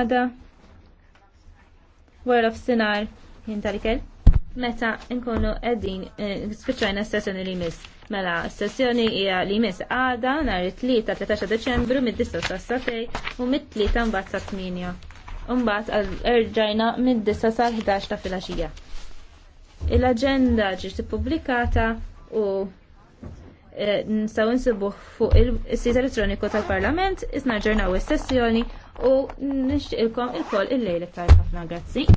għada wara f'sinar jien tal-ikel meta nkunu qegħdin eh, s sessjoni li mis Mela, s sessjoni hija li mis għada nhar it-tlieta 13 Deċembru mid 10 sa satej u mit-tlieta mbagħad sa tminja. Mbagħad erġajna mid-disa sa 11 ta' filgħaxija. Il-aġenda ġiet ippubblikata u eh, nistgħu nsibuh fuq il-sit elettroniku tal-Parlament, isna u is-sessjoni u nixtieqilkom il-koll il ħafna grazzi.